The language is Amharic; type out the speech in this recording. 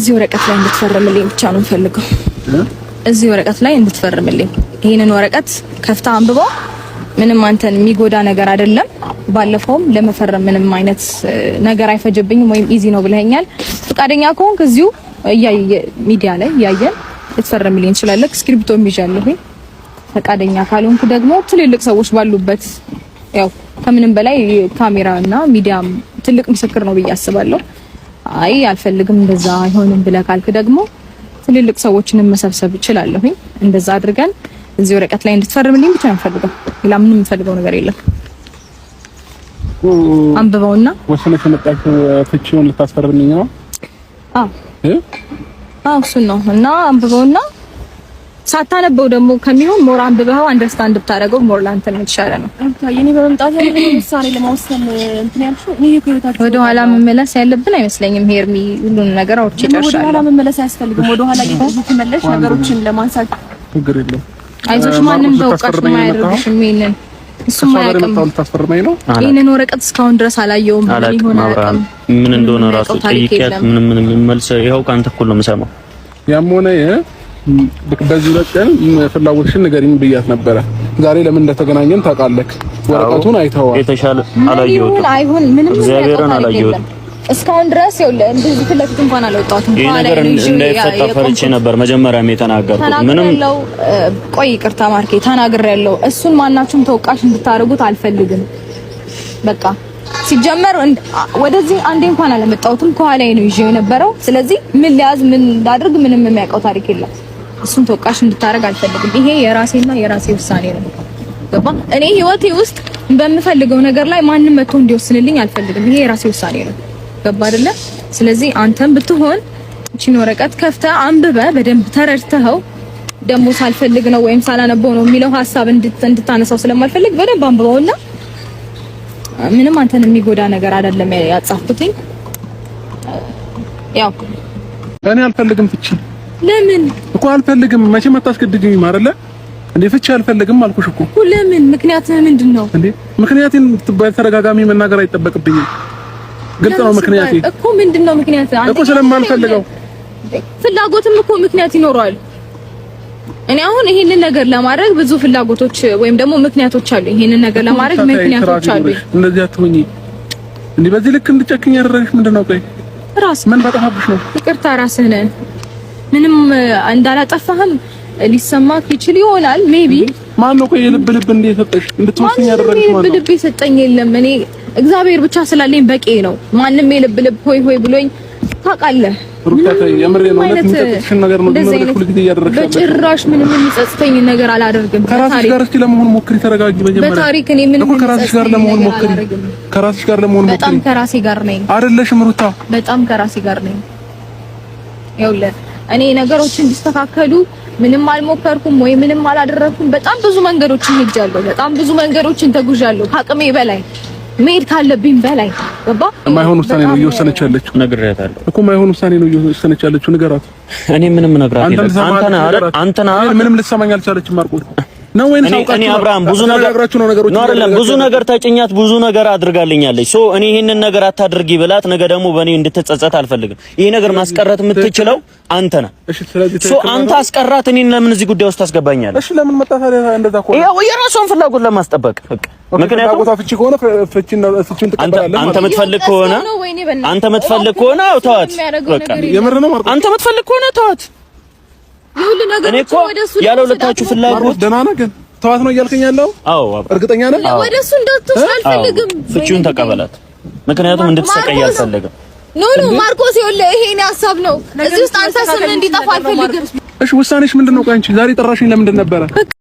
እዚህ ወረቀት ላይ እንድትፈርምልኝ ብቻ ነው ፈልገው። እዚህ ወረቀት ላይ እንድትፈርምልኝ። ይህንን ወረቀት ከፍታ አንብበው። ምንም አንተን የሚጎዳ ነገር አይደለም። ባለፈውም ለመፈረም ምንም አይነት ነገር አይፈጀብኝም ወይም ኢዚ ነው ብለኸኛል። ፈቃደኛ ከሆንክ እዚሁ ሚዲያ ላይ እያየን ልትፈርምልኝ እንችላለን። እስክሪብቶም ይዣለሁኝ። ፈቃደኛ ካልሆንኩ ደግሞ ትልልቅ ሰዎች ባሉበት ያው ከምንም በላይ ካሜራ እና ሚዲያም ትልቅ ምስክር ነው ብዬ አስባለሁ። አይ አልፈልግም እንደዛ አይሆንም ብለህ ካልክ ደግሞ ትልልቅ ሰዎችን መሰብሰብ እችላለሁኝ። እንደዛ አድርገን እዚህ ወረቀት ላይ እንድትፈርምልኝ ብቻ እንፈልገው። ሌላ ምንም የምፈልገው ነገር የለም። አንብበውና ወሰነች የመጣችው ፍቺውን ልታስፈርምልኝ ነው? አዎ አዎ፣ እሱን ነው እና አንብበውና ሳታነበው ደግሞ ከሚሆን ሞር አንብበኸው አንደርስታንድ ብታደርገው ሞር ላንተ የተሻለ ነው። ወደኋላ መመለስ ያለብን አይመስለኝም። ሄርሚ ሁሉን ነገር አውርቼ ጨርሻለሁ። ማንም በእውቀት ነው ይሄንን እሱም ወረቀት እስካሁን ድረስ አላየውም። ምን እንደሆነ ራሱ ጠይቂያት። ምንም ምንም መልስ ይኸው ከአንተ እኮ ነው የምሰማው ያም ሆነ በዚህ ሁለት ቀን ፍላጎትሽን ንገሪኝ ብያት ነበረ። ዛሬ ለምን እንደተገናኘን ታውቃለህ። ወረቀቱን አይተዋል። የተሻለ አላየሁትም። አይሁን ምንም እግዚአብሔርን አላየሁትም እስካሁን ድረስ እንደዚህ ፊት ለፊት እንኳን አልወጣሁትም። ይሄ ነገር እንዳይፈታ ፈርቼ ነበር መጀመሪያም የተናገርኩት። ምንም ቆይ ይቅርታ ማርኬ ተናግሬያለሁ። እሱን ማናችሁም ተወቃሽ እንድታደርጉት አልፈልግም። በቃ ሲጀመር ወደዚህ አንዴ እንኳን አለመጣሁትም። ከኋላዬ ነው ይዤው የነበረው። ስለዚህ ምን ሊያዝ ምን ላድርግ ምንም የሚያውቀው ታሪክ የለም። እሱን ተወቃሽ እንድታረግ አልፈልግም። ይሄ የራሴና የራሴ ውሳኔ ነው። ገባ? እኔ ህይወቴ ውስጥ በምፈልገው ነገር ላይ ማንም መጥቶ እንዲወስንልኝ አልፈልግም። ይሄ የራሴ ውሳኔ ነው። ገባ አይደለ? ስለዚህ አንተም ብትሆን እቺን ወረቀት ከፍተህ አንብበህ በደንብ ተረድተኸው ደግሞ ሳልፈልግ ነው ወይም ሳላነበው ነው የሚለው ሀሳብ እንድታነሳው ስለማልፈልግ በደንብ አንብበውና ምንም አንተን የሚጎዳ ነገር አይደለም ያጻፍኩትኝ። ያው እኔ አልፈልግም ፍቺ ለምን እኮ አልፈልግም። መቼም አታስገድጂኝም አይደለ እንዴ? ፍቺ አልፈልግም አልኩሽ እኮ። ለምን? ምክንያትህ ምንድን ነው እንዴ? ምክንያቴን በተደጋጋሚ መናገር አይጠበቅብኝም። ግልጽ ነው ምክንያቴ እኮ። ምንድን ነው አንተ እኮ ስለማልፈልገው ፍላጎትም እኮ ምክንያት ይኖረዋል። እኔ አሁን ይሄንን ነገር ለማድረግ ብዙ ፍላጎቶች ወይም ደግሞ ምክንያቶች አሉ። ይሄንን ነገር ለማድረግ ምክንያቶች አሉ። እንደዚህ አትሆኚ። እንዴ! በዚህ ልክ እንድጨክኝ ያደረግሽ ምንድን ነው? ቆይ ራስ ምን ባጠፋብሽ ነው? ይቅርታ ራስህን ምንም እንዳላጠፋህም ሊሰማክ ይችል ይሆናል። ሜቢ ማን ነው ቆይ የልብ ልብ እንደ የሰጠሽ እንድትወስኝ ያደረግሽ ማን ነው። ልብ ልብ የሰጠኝ የለም። እኔ እግዚአብሔር ብቻ ስላለኝ በቂ ነው። ማንም የልብ ልብ ሆይ ሆይ ብሎኝ ታውቃለህ። በጭራሽ ምንም የሚጸጽተኝ ነገር አላደርግም። ከራስሽ ጋር እስኪ ለመሆን ሞክሪ፣ ተረጋጊ። መጀመሪያ በታሪክ እኔ ምንም ከራስሽ ጋር ለመሆን ሞክሪ፣ ከራስሽ ጋር ለመሆን ሞክሪ። በጣም ከራሴ ጋር ነኝ አይደለሽም ሩታ? በጣም ከራሴ ጋር ነኝ። ይኸውልህ እኔ ነገሮች እንዲስተካከሉ ምንም አልሞከርኩም ወይ ምንም አላደረኩም። በጣም ብዙ መንገዶችን ሄጃለሁ። በጣም ብዙ መንገዶችን ተጉዣለሁ። ከአቅሜ በላይ መሄድ ካለብኝ በላይ ገባ። የማይሆን ውሳኔ ነው እየወሰነች ያለችው። ነግሬያታለሁ እኮ የማይሆን ውሳኔ ነው እየወሰነች ያለችው። ንገራት። እኔ ምንም ነግራት የለም። አንተና አንተና ምንም ልትሰማኝ አልቻለችም ማርቆስ ነው ወይስ እኔ አብርሃም ብዙ ነገር ነው ነገሮች ነው አይደለም ብዙ ነገር ተጭኛት ብዙ ነገር አድርጋልኛለች። ሶ እኔ ይሄንን ነገር አታድርጊ ብላት ነገ ደግሞ በእኔ እንድትጸጸት አልፈልግም። ይሄ ነገር ማስቀረት የምትችለው አንተ ነህ። ሶ አንተ አስቀራት። እኔን ለምን እዚህ ጉዳይ ውስጥ ታስገባኛለህ? እሺ ለምን መጣ ታዲያ? እንደዛ እኮ ያው የራሷን ፍላጎት ለማስጠበቅ ምክንያቱም ፍቺ ከሆነ ፍቺን ትቀበላለህ። አንተ የምትፈልግ ከሆነ አንተ የምትፈልግ ከሆነ ተዋት። የምር ነው አንተ የምትፈልግ ከሆነ ተዋት ሁሉ ነገር እኮ ያለ ሁለታችሁ ፍላጎት ደህና ነው ግን ተዋት ነው እያልከኝ ያለው? አዎ እርግጠኛ ነህ? ወደሱ እንደውትሽ አልፈልግም። ፍቺውን ተቀበላት፣ ምክንያቱም እንድትሰቃይ አልፈልግም። ኖ ኖ ማርቆስ ይኸውልህ፣ ይሄ እኔ ሀሳብ ነው። እዚህ ውስጥ አንተ ስም እንዲጠፋ አልፈልግም። እሺ ውሳኔሽ ምንድን ነው? ቆይ አንቺ ዛሬ ጠራሽኝ ለምንድን ነበረ?